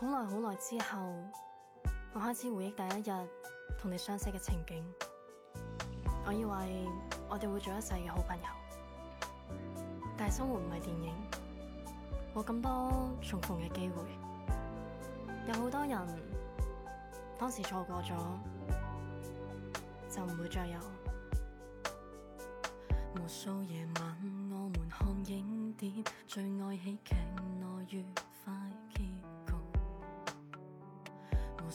好耐好耐之後，我開始回憶第一日同你相識嘅情景。我以為我哋會做一世嘅好朋友，但係生活唔係電影，冇咁多重逢嘅機會，有好多人當時錯過咗，就唔會再有。無數夜晚，我們看影碟，最愛喜劇內愉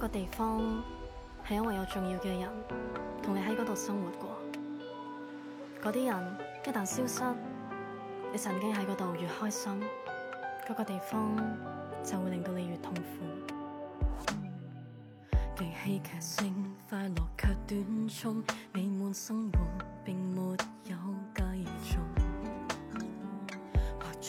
個地方係因為有重要嘅人同你喺嗰度生活過，嗰啲人一旦消失，你曾經喺嗰度越開心，嗰個地方就會令到你越痛苦。戲劇性快樂卻短促，美滿生活並冇。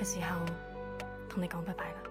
係時候同你講拜拜啦。